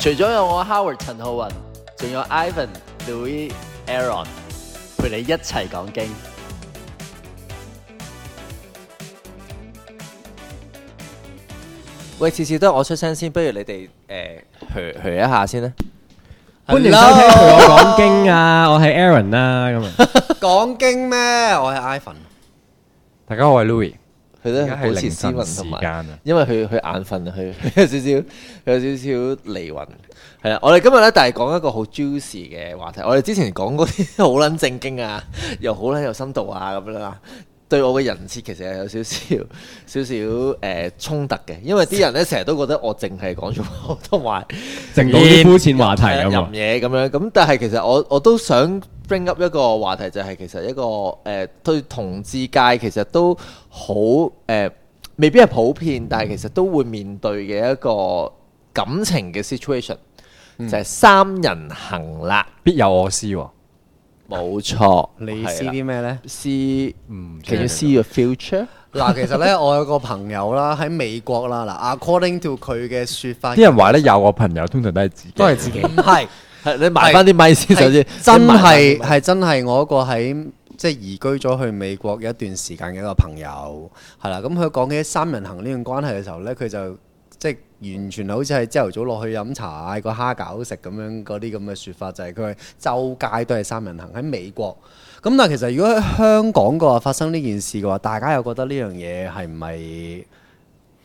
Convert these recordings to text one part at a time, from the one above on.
除咗有我 Howard 陳浩雲，仲有 Ivan、Louis、Aaron 陪你一齊講經。喂，次次都係我出聲先，不如你哋誒噓噓一下先啦。歡迎收聽陪我講經啊！我係 Aaron 啦，咁啊。講經咩？我係 Ivan。大家好，我係 Louis。佢咧好似思雲同埋，因為佢佢眼瞓啊，佢有少少 有少少離魂。係啦，我哋今日咧，但係講一個好 juicy 嘅話題。我哋之前講嗰啲好撚正經啊，又好撚有深度啊，咁樣啦，對我嘅人設其實係有少少 少少誒、呃、衝突嘅。因為啲人咧成日都覺得我淨係講咗好多話，淨 到啲膚淺話題咁，吟嘢咁樣。咁但係其實我我都想。Bring up 一個話題就係其實一個誒對同志界其實都好誒，未必係普遍，但係其實都會面對嘅一個感情嘅 situation，就係三人行啦，必有我師。冇錯，你知啲咩呢？知唔？其實知個 future。嗱，其實呢，我有個朋友啦，喺美國啦。嗱，According to 佢嘅説法，啲人話呢，有個朋友通常都係自己，都係自己，唔係。埋你埋翻啲咪先，首先，真係係真係我一個喺即係移居咗去美國有一段時間嘅一個朋友，係啦。咁佢講起三人行呢段關係嘅時候呢，佢就即係、就是、完全好似係朝頭早落去飲茶嗌個蝦餃食咁樣嗰啲咁嘅説法，就係佢周街都係三人行喺美國。咁但係其實如果喺香港嘅話發生呢件事嘅話，大家又覺得呢樣嘢係唔係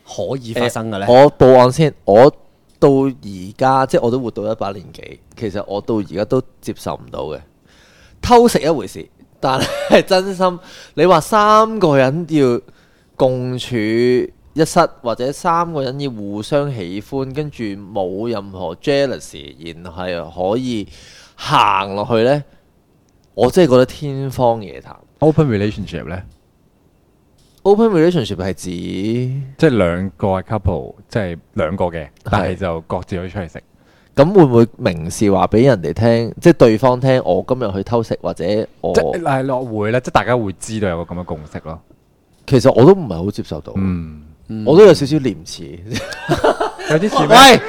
可以發生嘅呢？哎、我報案先，我。到而家即係我都活到一把年紀，其實我到而家都接受唔到嘅偷食一回事，但係 真心你話三個人要共處一室，或者三個人要互相喜歡，跟住冇任何 jealousy，然後係可以行落去呢？我真係覺得天方夜譚。Open relationship 咧？Open relationship 係指即係兩個係 couple，即係兩個嘅，但係就各自可以出嚟食。咁會唔會明示話俾人哋聽，即係對方聽我今日去偷食，或者我？落會咧，即係大家會知道有個咁嘅共識咯。其實我都唔係好接受到，嗯，我都有少少廉恥，有啲似咩？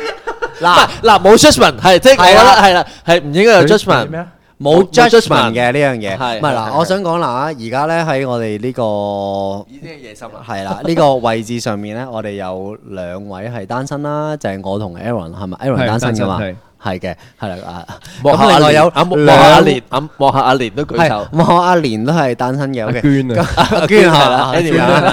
嗱嗱，冇 judgment 係即係啦，係啦，係唔應該有 judgment 咩？冇 judgment 嘅呢樣嘢，唔係啦，我想講嗱，而家咧喺我哋呢個已經夜深啦，係啦，呢個位置上面咧，我哋有兩位係單身啦，就係我同 Aaron 係咪？Aaron 單身㗎嘛。係嘅，係啦。莫夏奈有阿莫阿蓮，阿莫夏阿蓮都舉手，莫夏阿蓮都係單身嘅。阿娟啊，阿娟嚇，阿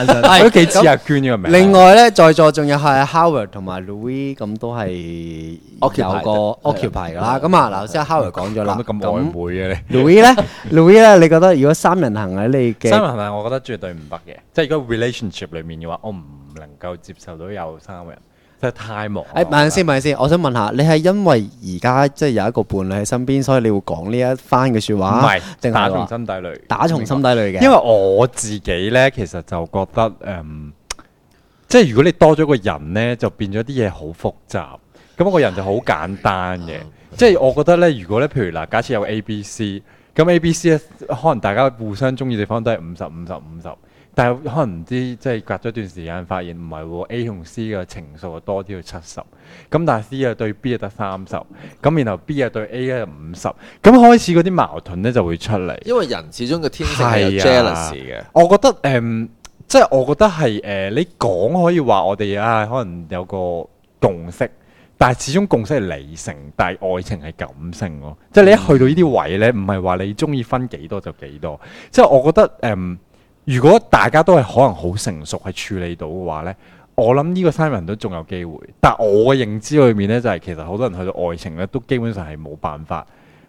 娟都幾似阿娟嘅名。另外咧，在座仲有係 Howard 同埋 Louis，咁都係有個 Occupy 㗎啦。咁啊，嗱，先阿 Howard 講咗啦，咁曖昧嘅你。Louis 咧，Louis 咧，你覺得如果三人行喺你嘅三人行，係我覺得絕對唔得嘅。即係如果 relationship 裡面嘅話，我唔能夠接受到有三人。真係太忙。誒、哎覺，慢先，慢先，我想問下，你係因為而家即係有一個伴侶喺身邊，所以你會講呢一番嘅說話，是說打從心底裏，打從心底裏嘅。因為我自己呢，其實就覺得誒、嗯，即係如果你多咗個人呢，就變咗啲嘢好複雜。咁、那、一個人就好簡單嘅。即係的我覺得呢，如果呢，譬如嗱，假設有 A、B、C，咁 A、B、C 咧，可能大家互相中意地方都係五十五十五十。但係可能唔知，即係隔咗段時間，發現唔係喎。A 同 C 嘅情數啊多啲，去七十。咁但係 C 啊對 B 啊得三十。咁然後 B 啊對 A 啊五十。咁開始嗰啲矛盾咧就會出嚟。因為人始終嘅天性係有 jealous 嘅。啊、我覺得誒，即、嗯、係、就是、我覺得係誒，你講可以話我哋啊，可能有個共識。但係始終共識係理性，但係愛情係感性喎、哦。即係、嗯、你一去到呢啲位咧，唔係話你中意分幾多就幾多。即、就、係、是、我覺得誒。嗯如果大家都係可能好成熟去處理到嘅話呢，我諗呢個三人都仲有機會。但我嘅認知裏面呢，就係、是、其實好多人去到愛情呢，都基本上係冇辦法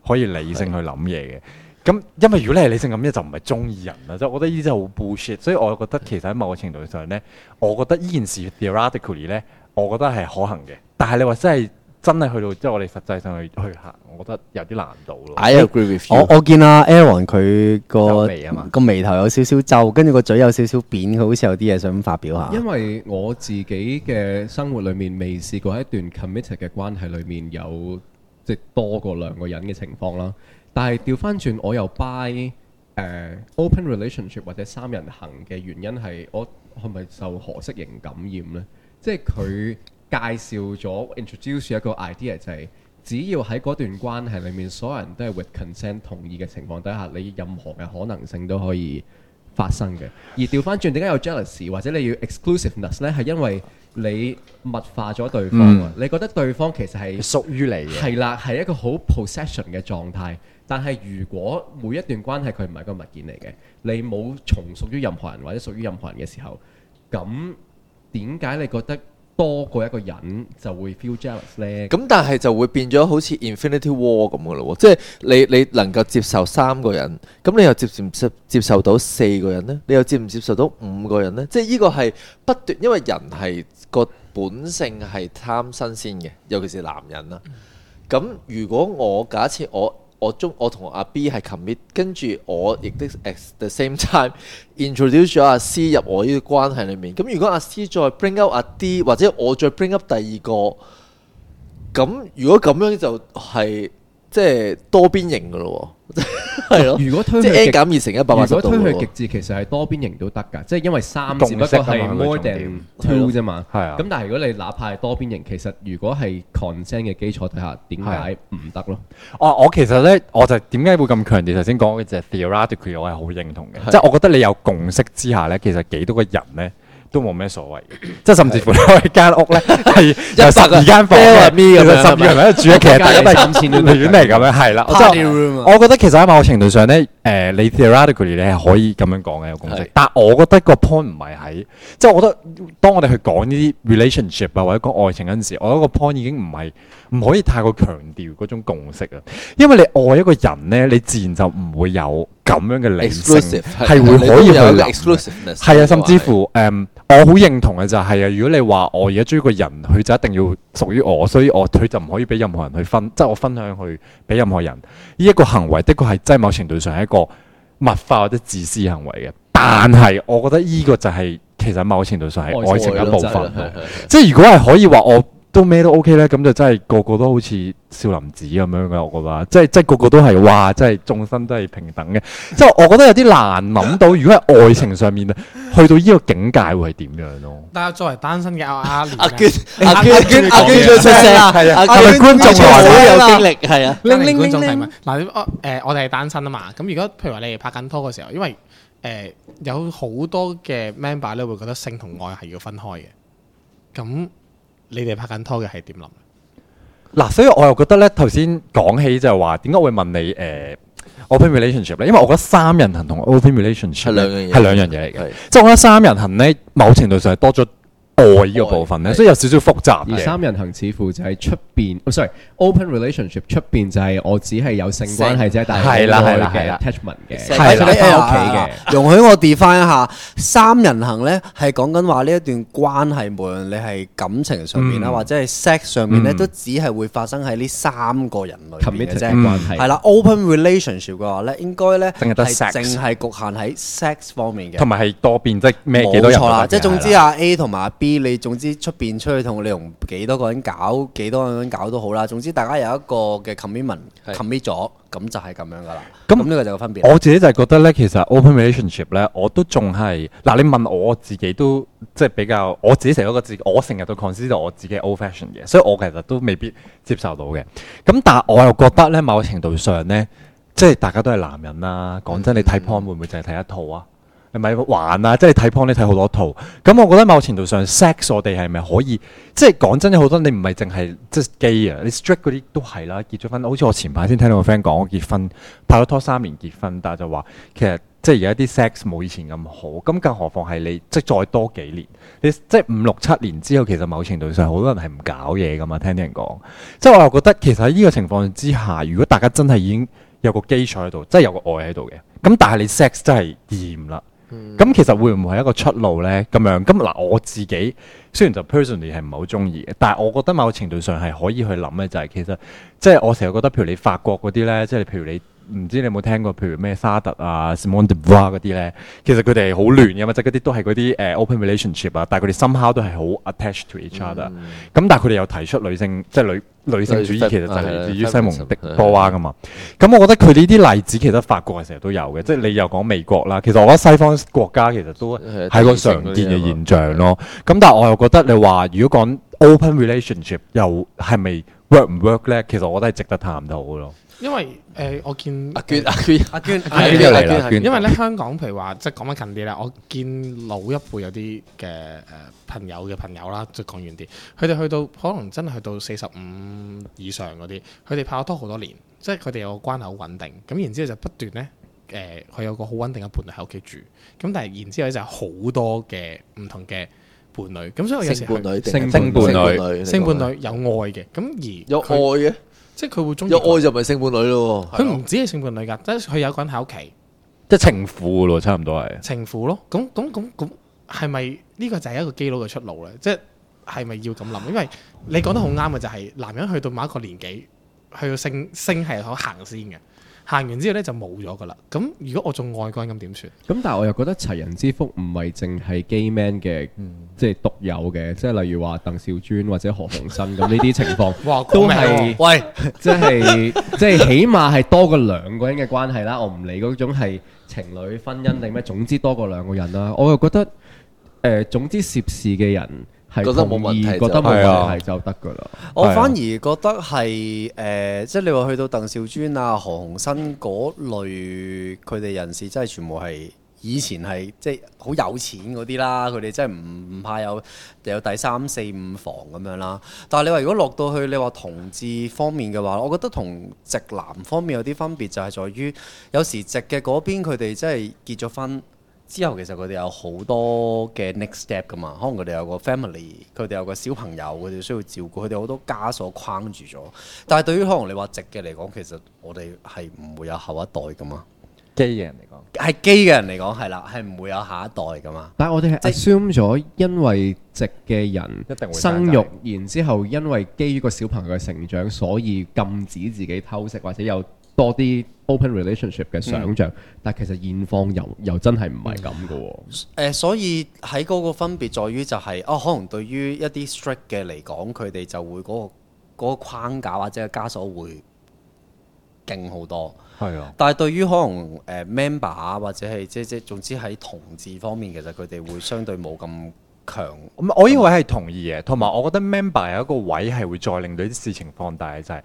可以理性去諗嘢嘅。咁是的 因為如果你係理性諗嘢，就唔係中意人啦。即係我覺得呢啲真係好 bullshit。所以我覺得其實喺某個程度上呢，我覺得呢件事 theoretically 呢，The ically，我覺得係可行嘅。但係你話真係？真係去到即係我哋實際上去去行，我覺得有啲難度咯。我我見阿 Aaron 佢，那個個眉，眉頭有少少皺，跟住個嘴有少少扁，佢好似有啲嘢想發表下。因為我自己嘅生活裏面未試過一段 committed 嘅關係裏面有即多過兩個人嘅情況啦。但係調翻轉，我又 buy 誒、uh, open relationship 或者三人行嘅原因係我係咪受何式型感染呢？即係佢。 介紹咗 introduce 一個 idea 就係，只要喺嗰段關係裡面，所有人都係 with consent 同意嘅情況底下，你任何嘅可能性都可以發生嘅。而調翻轉，點解有 jealousy 或者你要 exclusiveness 呢？係因為你物化咗對方啊！嗯、你覺得對方其實係屬於你嘅，係啦，係一個好 possession 嘅狀態。但係如果每一段關係佢唔係個物件嚟嘅，你冇從屬於任何人或者屬於任何人嘅時候，咁點解你覺得？多過一個人就會 feel jealous 咧、嗯，咁但係就會變咗好似 Infinity War 咁嘅咯喎，即係你你能夠接受三個人，咁你又接唔接受到四個人呢？你又接唔接受到五個人呢？即係呢個係不斷，因為人係個本性係貪新鮮嘅，尤其是男人啦。咁如果我假設我我中我同阿 B 係 commit，跟住我亦都 at the same time introduce 咗阿 C 入我呢個關係裏面。咁如果阿 C 再 bring out 阿 D，或者我再 bring up 第二個，咁如果咁樣就係即係多邊形嘅咯。係咯， 的如果推去極，n 減二乘一百八十度，推去極致，其實係多邊形都得㗎，即係 因為三隻色係 more than two 啫嘛 的。係啊，咁但係如果你哪怕係多邊形， 的其實如果係 concern 嘅基礎底下，點解唔得咯？哦，我其實咧，我就點解會咁強調頭先講嘅就 theoretically 我係好認同嘅，即係的我覺得你有共識之下咧，其實幾多個人咧？都冇咩所謂， 即甚至乎開間屋咧，有十二間房十二人喺度住，其實大家都揀錢嚟咁樣，係啦。 我覺得其實喺某程度上呢。誒，uh, 你 theoretically 你係可以咁樣講嘅有共識，的但係我覺得個 point 唔係喺，即係我覺得當我哋去講呢啲 relationship 啊，或者講愛情嗰陣時，我覺得個 point 已經唔係唔可以太過強調嗰種共識啊，因為你愛一個人咧，你自然就唔會有咁樣嘅 limit，係會可以，可以去，係啊，甚至乎誒，um, 我好認同嘅就係、是、啊，如果你話我而家中意個人，佢就一定要屬於我，所以我佢就唔可以俾任何人去分，即係我分享去俾任何人，呢、這、一個行為的確係真係某程度上係一個個物化或者自私行為嘅，但係我覺得呢個就係、是、其實某程度上係愛情嘅一部分。 即係如果係可以話我。都咩都 OK 咧，咁就真係個個都好似少林寺咁樣嘅，我覺得，即係即係個個都係哇，即係眾生都係平等嘅。即係我覺得有啲難諗到，如果係愛情上面咧，去到呢個境界會係點樣咯？但係作為單身嘅阿阿 阿娟阿娟阿娟最正啦，阿娟作為觀眾嚟講啦，有經歷係啊，拎拎 觀眾提問嗱，我誒我哋係單身啊嘛，咁如果譬如話你哋拍緊拖嘅時候，因為誒、呃呃、有好多嘅 member 咧會覺得性同愛係要分開嘅，咁。你哋拍緊拖嘅係點諗？嗱，所以我又覺得咧，頭先講起就係話點解會問你誒 open relationship 咧？呃、 因為我覺得三人行同 open relationship 係兩樣嘢，係兩樣嘢嚟嘅。即係的我覺得三人行咧，某程度上係多咗，愛呢個部分咧，所以有少少複雜，而三人行似乎就喺出邊，唔 sorry，open relationship 出邊就係我只係有性關係啫，但係冇愛嘅啦，attachment 嘅，係啦，喺屋企嘅。容許我 define 一下，三人行咧係講緊話呢一段關係，無論你係感情上面啦，或者係 sex 上面咧，都只係會發生喺呢三個人類 commit 嘅關係。係啦，open relationship 嘅話咧，應該咧係淨係局限喺 sex 方面嘅，同埋係多變，即係咩？冇錯啦，即係總之啊 A 同埋你總之出邊，出去同你同幾多個人搞，幾多個人搞都好啦，總之大家有一個嘅 commitment，commit 咗，咁是就係咁樣噶啦。咁呢那個就有分別。我自己就係覺得呢，其實 open relationship 呢，我都仲係嗱，你問我，我自己都即係比較，我自己成個自己，我成日都 conscious 到我自己 old fashion 嘅，所以我其實都未必接受到嘅。咁但係我又覺得呢，某程度上呢，即係大家都係男人啦、啊，講真，你睇 porn 會唔會淨係睇一套啊？係咪玩啊？即係睇 porn 你睇好多套。咁我覺得某程度上 sex，我哋係咪可以？即係講真，有好多你唔係淨係即 gay 啊，你 straight 嗰啲都係啦。結咗婚，好似我前排先聽到個 friend 講，我結婚拍咗拖三年結婚，但係就話其實即係而家啲 sex 冇以前咁好。咁更何況係你即再多幾年，你即係五六七年之後，其實某程度上好多人係唔搞嘢噶嘛。聽啲人講，即係我又覺得其實喺呢個情況之下，如果大家真係已經有個基礎喺度，即係有個愛喺度嘅，咁但係你 sex 真係厭啦。咁其實會唔會係一個出路呢？咁樣，咁嗱，我自己雖然就 personally 係唔好中意嘅，但係我覺得某程度上係可以去諗嘅。就係其實即係我成日覺得，譬如你法國嗰啲呢，即係譬如你。唔知你有冇聽過，譬如咩沙特啊、西蒙波娃嗰啲呢？其實佢哋好亂嘅嘛，即係嗰啲都係嗰啲誒 open relationship 啊，但係佢哋心口都係好 attached to each other。咁、嗯嗯、但係佢哋又提出女性即係女女性主義，其實就係嚟自於西蒙波娃噶嘛。咁、嗯嗯、我覺得佢哋呢啲例子其實法國成日都有嘅，嗯、即係你又講美國啦，其實我覺得西方國家其實都係個常見嘅現象咯。咁但係我又覺得你話如果講 open relationship 又係咪 work 唔 work 呢？其實我覺得係值得探討嘅咯，因為。誒、呃，我見阿娟、阿娟、阿娟，阿娟因為咧，香港譬如話，即講返近啲啦，我見老一輩有啲嘅誒朋友嘅朋友啦，即講遠啲，佢哋去到可能真係去到四十五以上嗰啲，佢哋拍咗拖好多年，即佢哋有個關口穩定，咁然之後就不斷咧，誒、呃，佢有個好穩定嘅伴侶喺屋企住，咁但係然之後就好多嘅唔同嘅伴侶，咁所以我有時伴侶，性伴侶，性伴侶有愛嘅，咁而有愛嘅。即係佢會中意，有愛就唔係性伴侶咯。佢唔止係性伴侶噶，即係佢有個人喺屋企，即係情婦咯，差唔多係。情婦咯，咁咁咁咁，係咪呢個就係一個基佬嘅出路咧？即係係咪要咁諗？因為你講得好啱嘅就係，男人去到某一個年紀，去到性性係可行先嘅。行完之後咧就冇咗噶啦，咁如果我仲愛嗰人咁點算？咁但係我又覺得齊人之福唔係淨係 gay man 嘅、嗯，即係獨有嘅，即係例如話鄧兆尊或者何鴻燊咁呢啲情況，哇都係，喂，即係即係起碼係多過兩個人嘅關係啦。我唔理嗰種係情侶婚姻定咩，嗯、總之多過兩個人啦。我又覺得，誒、呃，總之涉事嘅人。覺得冇問題，覺得係是啊就，就得噶㗎啦。我反而覺得係誒、呃，即係你話去到鄧少尊啊、何鴻燊嗰類，佢哋人士真係全部係以前係即係好有錢嗰啲啦。佢哋真係唔唔怕有有第三四五房咁樣啦。但係你話如果落到去你話同志方面嘅話，我覺得同直男方面有啲分別就係、是、在於，有時直嘅嗰邊佢哋真係結咗婚。之後其實佢哋有好多嘅 next step 噶嘛，可能佢哋有個 family，佢哋有個小朋友，佢哋需要照顧，佢哋好多枷鎖框住咗。但係對於可能你話直嘅嚟講，其實我哋係唔會有下一代噶嘛。基嘅人嚟講，係基嘅人嚟講係啦，係唔會有下一代噶嘛。嘛但係我哋 assume 咗，因為直嘅人生育，然之後，後因為基於個小朋友嘅成長，所以禁止自己偷食或者有。多啲 open relationship 嘅想象，嗯、但其實現況又又真係唔係咁嘅喎。所以喺嗰個分別在於就係、是、哦，可能對於一啲 strict 嘅嚟講，佢哋就會嗰、嗰個嗰、嗰個框架或者係枷鎖會勁好多。係啊、嗯，但係對於可能誒、呃、member 啊，或者係即即總之喺同志方面，其實佢哋會相對冇咁強，唔係、嗯，我認為係同意嘅，同埋、嗯、我覺得 member 有一個位係會再令到啲事情放大嘅，就係、是。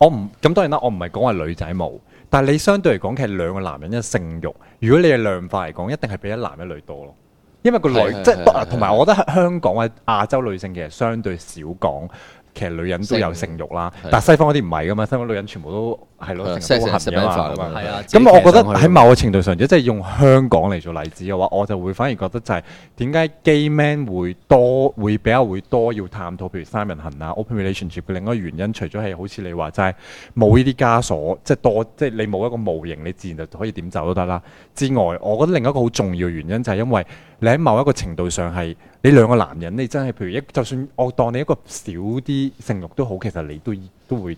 我唔咁當然啦，我唔係講話女仔冇，但係你相對嚟講，其實兩個男人嘅性慾，如果你係量化嚟講，一定係比一男一女多咯。因為個女是的 即係同埋，是的 我覺得香港或者亞洲女性其實相對少講，其實女人都有性慾啦。但西方嗰啲唔係㗎嘛，西方女人全部都。係咯，三人行嘅嘛。係啊，咁了我覺得喺某個程度上，即係用香港嚟做例子嘅話，我就會反而覺得就係點解 gay man 會多，會比較會多要探討，譬如三人行啊，open relationship 另外一個原因，除咗係好似你話齋冇呢啲枷鎖，即係多，即係你冇一個模型，你自然就可以點走都得啦。之外，我覺得另一個好重要原因就係因為你喺某一個程度上係你兩個男人，你真係譬如一，就算我當你一個少啲性慾都好，其實你都，都會。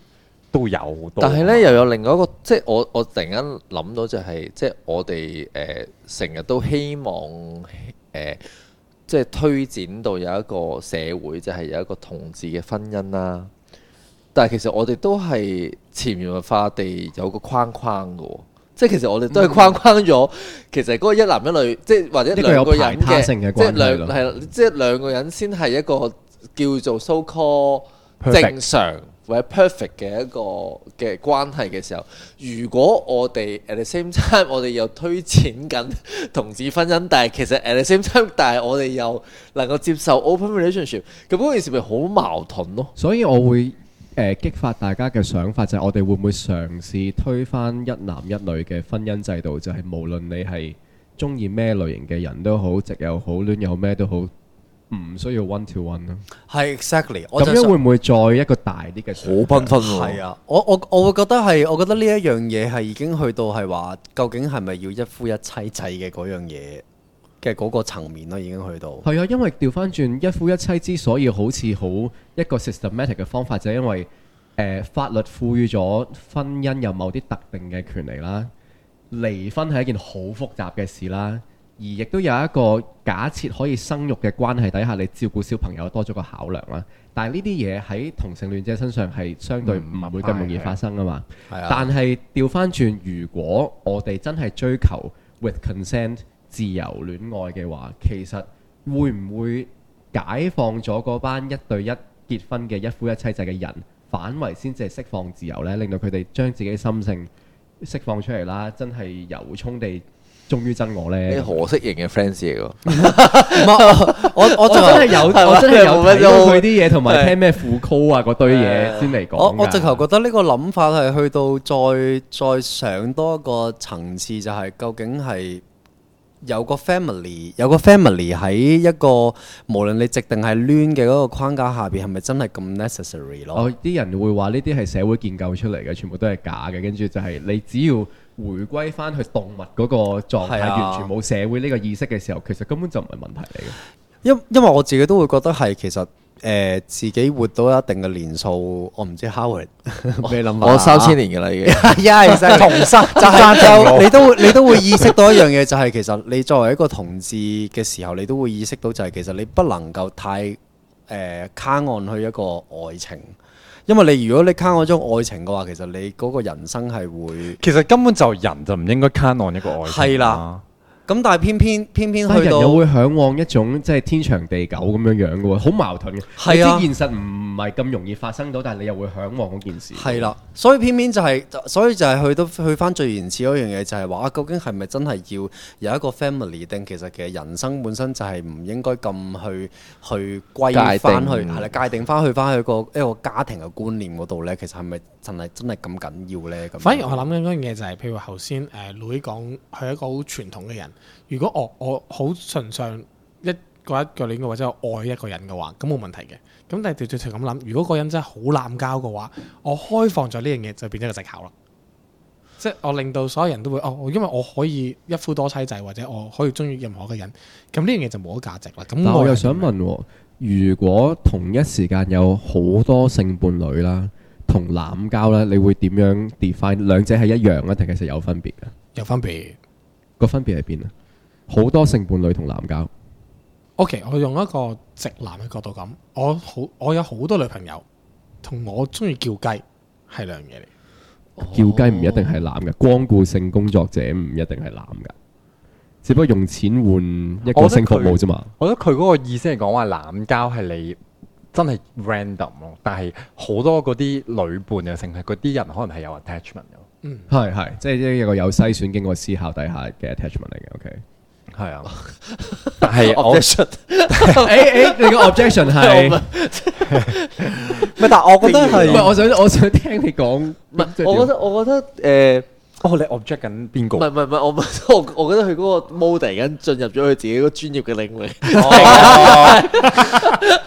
都有，都有但係，咧又有另外一個，即係我我突然間諗到就係、是、即係我哋誒成日都希望誒、呃、即係推展到有一個社會就係有一個同志嘅婚姻啦。但係其實我哋都係潛移默化地有個框框嘅，嗯、即係、嗯、其實我哋都係框框咗。其實嗰個一男一女，即係或者兩個人嘅，即係兩係啦，即係兩個人先係一個叫做 so called 正常，perfect 嘅一個嘅關係嘅時候，如果我哋 at the same time 我哋又推展緊同志婚姻，但係其實 at the same time 但係我哋又能夠接受 open relationship，咁嗰件事咪好矛盾咯？所以，我會誒、呃、激發大家嘅想法，就係我哋會唔會嘗試推翻一男一女嘅婚姻制度？就係、是、無論你係中意咩類型嘅人都好，直又好，戀又好，咩都好。唔需要 one to one 咯，係 exactly 我。我咁樣會唔會再一個大啲嘅好繽紛？係啊，啊，我我我會覺得係，我覺得呢一樣嘢係已經去到係話，究竟係咪要一夫一妻制嘅嗰樣嘢嘅嗰個層面咯？已經去到係啊，因為調翻轉一夫一妻之所以好似好一個 systematic 嘅方法，就係、因為誒、呃、法律賦予咗婚姻有某啲特定嘅權利啦，離婚係一件好複雜嘅事啦。而亦都有一個假設可以生育嘅關係底下，你照顧小朋友多咗個考量啦。但係呢啲嘢喺同性戀者身上係相對唔係會咁容易發生噶嘛。嗯、但係掉返轉，如果我哋真係追求 with consent 自由戀愛嘅話，其實會唔會解放咗嗰班一對一結婚嘅一夫一妻制嘅人，反為先至係釋放自由呢？令到佢哋將自己心性釋放出嚟啦，真係由衷地。終於憎我呢？咧！何式凝嘅 friends 嚟噶， 我我真係有，我真係有睇佢啲嘢，同埋聽咩副曲啊，嗰吧堆嘢先嚟講我。我我直頭覺得呢個諗法係去到再再上多一個層次，就係、是、究竟係有個 family，有個 family 喺一個無論你直定係攣嘅嗰個框架下邊，係咪真係咁 necessary 咯、哦？啲人會話呢啲係社會建構出嚟嘅，全部都係假嘅，跟住就係你只要。回歸翻去動物嗰個狀態，啊、完全冇社會呢個意識嘅時候，其實根本就唔係問題嚟嘅。因因為我自己都會覺得係，其實誒、呃、自己活到一定嘅年數，我唔知 Howard 你諗下，我三千年嘅啦，已經。係啊，就同生， 就就你都會你都會意識到一樣嘢，就係、是、其實你作為一個同志嘅時候，你都會意識到就係其實你不能夠太誒、呃、卡岸去一個愛情。因為你如果你靠我嗰種愛情嘅話，其實你嗰個人生係會，其實根本就人就唔應該靠依一個愛情。咁但係偏偏偏偏去到，又會嚮往一種即係天長地久咁樣樣嘅，好矛盾嘅。係啊，現實唔係咁容易發生到，但係你又會嚮往件事。係啦，所以偏偏就係，所以就係去到去翻最原始嗰樣嘢，就係話究竟係咪真係要有一個 family？定其實其實人生本身就係唔應該咁去去歸翻去，係啦，界定翻去翻去個一個家庭嘅觀念嗰度咧，其實係咪真係真係咁緊要咧？咁反而我諗緊嗰樣嘢就係譬如話頭先誒女講係一個好傳統嘅人。如果我我好純粹一個一個戀愛或者我愛一個人嘅話，咁冇問題嘅。咁但係最最最咁諗，如果嗰人真係好濫交嘅話，我開放咗呢樣嘢就變咗個借口啦。即係我令到所有人都會哦，因為我可以一夫多妻制或者我可以中意任何一個人，咁呢樣嘢就冇咗價值啦。咁我又想問，如果同一時間有好多性伴侶啦，同濫交啦，你會點樣 define？兩者係一樣咧，定係實有分別嘅？有分別。個分別喺邊啊？好多性伴侶同濫交。O、okay, K，我用一個直男嘅角度咁，我好，我有好多女朋友，同我中意叫雞係兩樣嘢嚟。叫雞唔一定係男嘅，光顧性工作者唔一定係男噶，只不過用錢換一個性服務啫嘛。我覺得佢嗰個意思係講話濫交係你真係 random 咯，但係好多嗰啲女伴嘅性係嗰啲人可能係有 attachment 嗯，係係，即係一個有篩選、經過思考底下嘅 attachment 嚟嘅，OK，係啊，但係我誒誒、 嗯 哎哎，你個 objection 係係？但係我, 我覺得係，唔係，我想我想聽你講乜？我覺得我覺得誒，哦，你 object 緊邊個？唔係唔係唔係，我我覺得佢嗰個 mode 緊進入咗佢自己個專業嘅領域，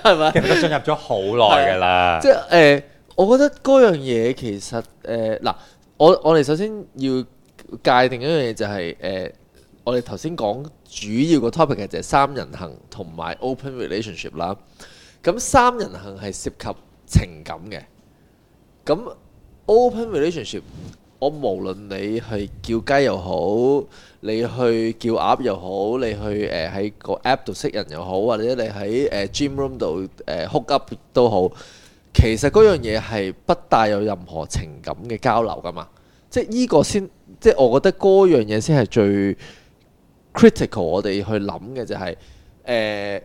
係咪？其實都進入咗好耐噶啦，即係誒，我覺得嗰樣嘢其實誒嗱。我我哋首先要界定一樣嘢就係、是、誒、呃，我哋頭先講主要個 topic 就係三人行同埋 open relationship 啦。咁、嗯、三人行係涉及情感嘅，咁、嗯、open relationship，我無論你去叫雞又好，你去叫鴨又好，你去誒喺個 app 度識人又好，或者你喺誒、呃、gym room 度、呃、hook up 都好。其實嗰樣嘢係不帶有任何情感嘅交流㗎嘛，即係呢個先，即係我覺得嗰樣嘢先係最 critical 我哋去諗嘅就係、是，誒、呃，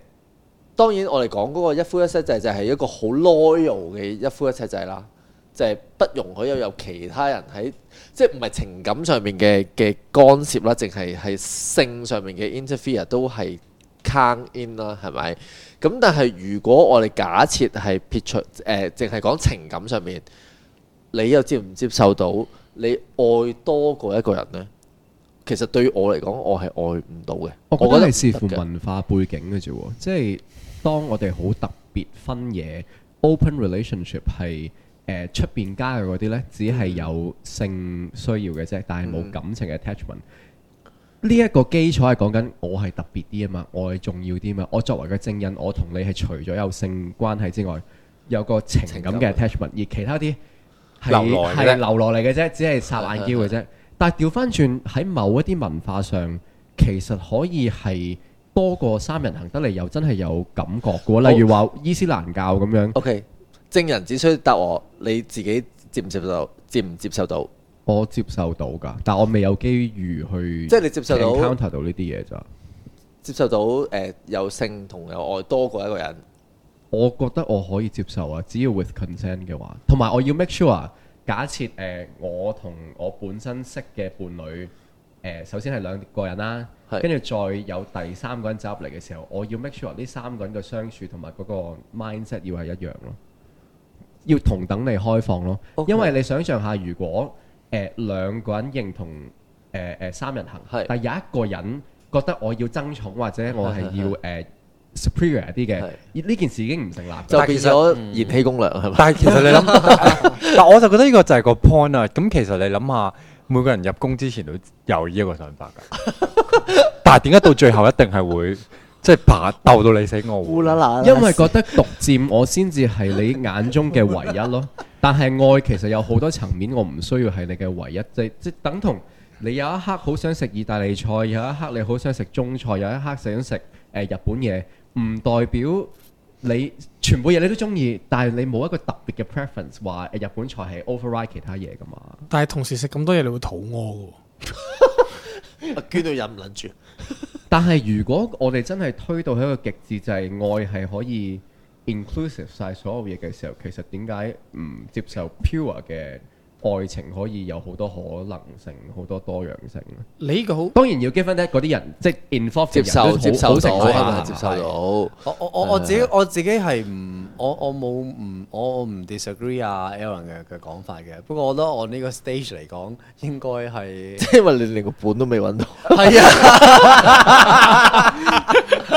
當然我哋講嗰個一夫一妻制就係一個好 loyal 嘅一夫一妻制啦，就係、是、不容許有由其他人喺，即係唔係情感上面嘅嘅干涉啦，淨係係性上面嘅 interference 都係 come in 啦，係咪？咁但係如果我哋假設係撇除誒，淨係講情感上面，你又接唔接受到你愛多過一個人呢？其實對於我嚟講，我係愛唔到嘅。我覺得你視乎，視乎文化背景嘅啫喎。即係當我哋好特別分嘢，open relationship 係誒出邊加嘅嗰啲呢，只係有性需要嘅啫，但係冇感情嘅 attachment、嗯。呢一個基礎係講緊我係特別啲啊嘛，我係重要啲嘛，我作為個正人，我同你係除咗有性關係之外，有個情感嘅 attachment，而其他啲係係流落嚟嘅啫，只係霎眼嬌嘅啫。但係調翻轉，喺某一啲文化上，其實可以係多過三人行得嚟，又真係有感覺嘅喎。例如話伊斯蘭教咁樣。OK，正人只需答我，你自己接唔接受，接唔接受到？我接受到㗎，但我未有機遇去，即係你接受到 counter 到呢啲嘢咋？接受到誒、呃、有性同有愛多過一個人。我覺得我可以接受啊，只要 with consent 嘅話，同埋我要 make sure。假設誒、呃、我同我本身識嘅伴侶、呃、首先係兩個人啦、啊，跟住是再有第三個人走入嚟嘅時候，我要 make sure 呢三個人嘅相處同埋嗰個 mindset 要係一樣咯，要同等嚟開放咯，Okay. 因為你想像下如果。誒、呃、兩個人認同誒誒、呃呃、三人行，的但係有一個人覺得我要爭寵，或者我係要誒的、呃、superior 啲嘅，呢的件事已經唔成立。就其實我燃氣攻略係咪？嗯、但係其、嗯、其實你諗， 但我就覺得呢個就係個 point 啦、啊。咁其實你諗下，每個人入工之前都有呢一個想法㗎，但係點解到最後一定係會？ 即係打鬥到你死我活，因為覺得獨占我先至係你眼中嘅唯一咯。但係愛其實有好多層面，我唔需要係你嘅唯一，即、就、即、是、等同你有一刻好想食意大利菜，有一刻你好想食中菜，有一刻想食日本嘢，唔代表你全部嘢你都中意，但係你冇一個特別嘅 preference 話日本菜係 override 其他嘢噶嘛？但係同時食咁多嘢你會肚餓喎。 佢娟都忍唔撚住， 但係如果我哋真係推到喺個極致，就係、是、愛係可以 inclusive 晒所有嘢嘅時候，其實點解唔接受 pure 嘅？愛情可以有好多可能性，好多多樣性。你呢個好，當然要結婚咧，嗰啲人即係 inform 接受，接受到。我我我我自己我自己係唔，我我冇唔，我我唔 disagree 啊，Alan 嘅嘅講法嘅。不過我覺得我呢個 stage 嚟講，應該係即係話你連個盤都未揾到。係啊，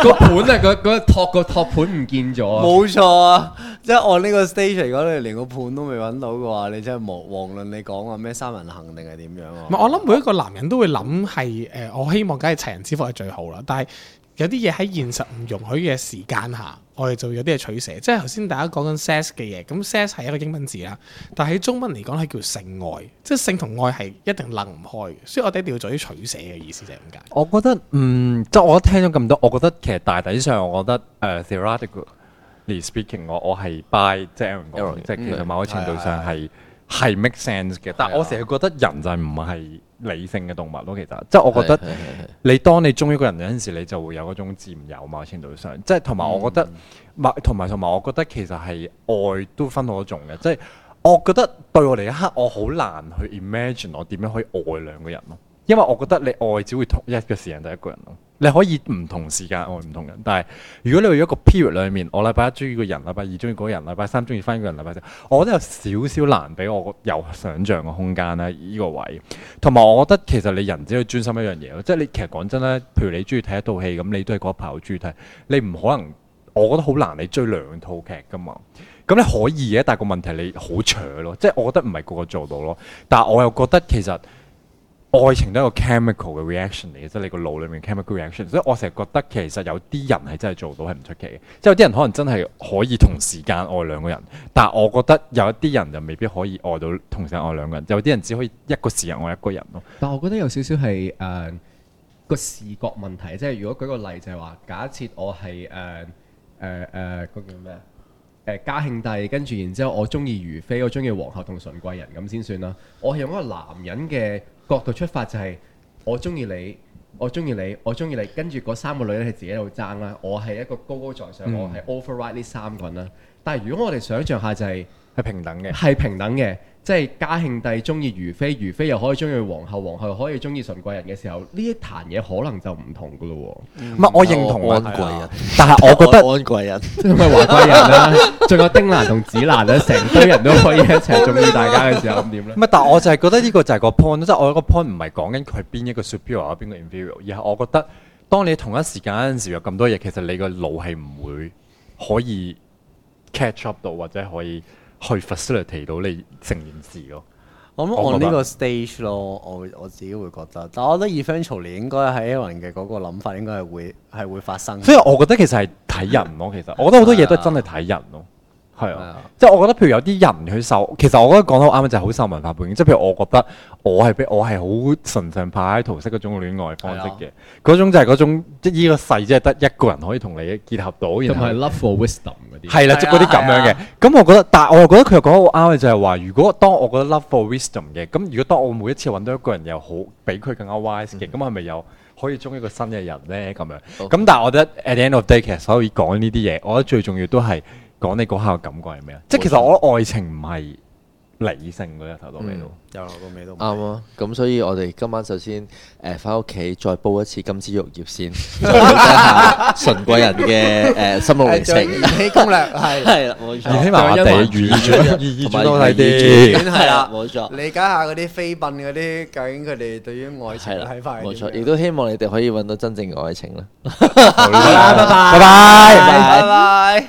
個盤啊，個個托個托盤唔見咗。冇錯啊。即係我呢個 stage 嚟講，你連個伴都未揾到嘅話，你真係無，遑論你講話咩三人行定係點樣喎？我諗，每一個男人都會諗係誒，我希望梗係齊人之福係最好啦。但係有啲嘢喺現實唔容許嘅時間下，我哋就有啲嘢取捨。即係頭先大家講緊 sex 嘅嘢，咁 sex 係一個英文字啦，但係喺中文嚟講係叫性愛，即係性同愛係一定拎唔開嘅，所以我哋一定要做啲取捨嘅意思就係咁解。我覺得嗯，即係我一聽咗咁多，我覺得其實大抵上，我覺得誒、uh, 你 Speaking 我我係 by 即係英文講，即係其實某個程度上係係、哎、呀 make sense 嘅。但係我成日覺得人就係唔係理性嘅動物咯。其實即係我覺得你當你中意一個人嗰陣時，你就會有嗰種佔有，某程度上。即係同埋我覺得，同埋同埋我覺得其實係愛都分好多種嘅。即係、嗯、我覺得對我嚟一刻，我好難去 imagine 我點樣可以愛兩個人咯。因為我覺得你愛只會同一個時間就一個人咯，你可以唔同時間愛唔同人，但係如果你去一個 period 裏面，我禮拜一中意個人，禮拜二中意嗰個人，禮拜三中意翻一個人，禮拜四，我覺得有少少難俾我有想象嘅空間咧呢個位，同埋我覺得其實你人只要專心一樣嘢，即係你其實講真咧，譬如你中意睇一套戲咁，你都係嗰一排好中意睇，你唔可能，我覺得好難你追兩套劇噶嘛，咁你可以嘅，但係個問題你好扯咯，即係我覺得唔係個個做到咯，但係我又覺得其實。愛情都係一個 chemical 嘅 reaction 嚟嘅，即係你個腦裏面 chemical reaction。所以我成日覺得其實有啲人係真係做到係唔出奇嘅，即係有啲人可能真係可以同時間愛兩個人，但係我覺得有一啲人就未必可以愛到同時愛兩個人。有啲人只可以一個時間愛一個人咯。但我覺得有少少係誒個視覺問題，即係如果舉個例就係話，假設我係誒誒誒嗰叫咩？誒、uh, 嘉、uh, uh, 慶帝，跟住然之後我中意如妃，我中意皇后同純貴人咁先算啦。我係用一個男人嘅角度出發就係我中意你，我中意你，我中意你，跟住嗰三個女咧係自己喺度爭啦、啊。我係一個高高在上，嗯、我係 override 呢三個人啦、啊。但係如果我哋想像下就係、係、係平等嘅，係平等嘅。即係嘉慶帝中意如妃，如妃又可以中意皇后，皇后又可以中意純貴人嘅時候，呢一壇嘢可能就唔同噶咯喎。唔係、嗯嗯、我認同安貴人，但係我覺得安貴人，唔係華貴人啦，仲、 啊、 有丁蘭同子蘭咧，成堆人都可以一齊中意大家嘅時候，咁點咧？唔係，但我就係覺得呢個就係個 point，即係我有個 point 唔係講緊佢係邊一個 superior 邊個 inferior，in 而係我覺得當你同一時間嗰陣時有咁多嘢，其實你個腦係唔會可以 catch up 到或者可以。去 facilitate 到你成件事咯。我諗我呢個 stage 咯，我我自己會覺得。但我覺得 eventually 應該係一樣嘅嗰個諗法，應該係會係會發生。所以，我覺得其實係睇人咯。 其實，我覺得好多嘢都係真係睇人咯。係啊，嗯、即係我覺得，譬如有啲人去受，其實我覺得講得好啱嘅就係好受文化背景。即係譬如我覺得我係我係好純柏拉圖式嗰種戀愛方式嘅，嗰、啊、種就係嗰種即係呢個世即係得一個人可以同你結合到，同埋 love for wisdom 嗰啲係啦，即係嗰啲咁樣嘅。咁、啊啊、我覺得，但係我又覺得佢又講得好啱嘅就係、是、話，如果當我覺得 love for wisdom 嘅，咁如果當我每一次揾到一個人又好比佢更加 wise 嘅，咁係咪又可以鍾一個新嘅人咧？咁樣咁，好嗯、但係我覺得 at the end of day 其實所有講呢啲嘢，我覺得最重要都係。講你嗰刻嘅感覺係咩啊？即係其實我愛情唔係理性由頭到尾咯，由頭到尾都啱咯。咁所以我哋今晚首先誒翻屋企再煲一次金枝玉葉先，純貴人嘅誒心路歷程。起攻略係係啦，冇錯。起埋一地嘅原著，同埋理解啲係啦，冇錯。理解下嗰啲飛奔嗰啲，究竟佢哋對於愛情係睇法？冇錯。亦都希望你哋可以揾到真正嘅愛情啦。好，拜拜，拜拜，拜拜。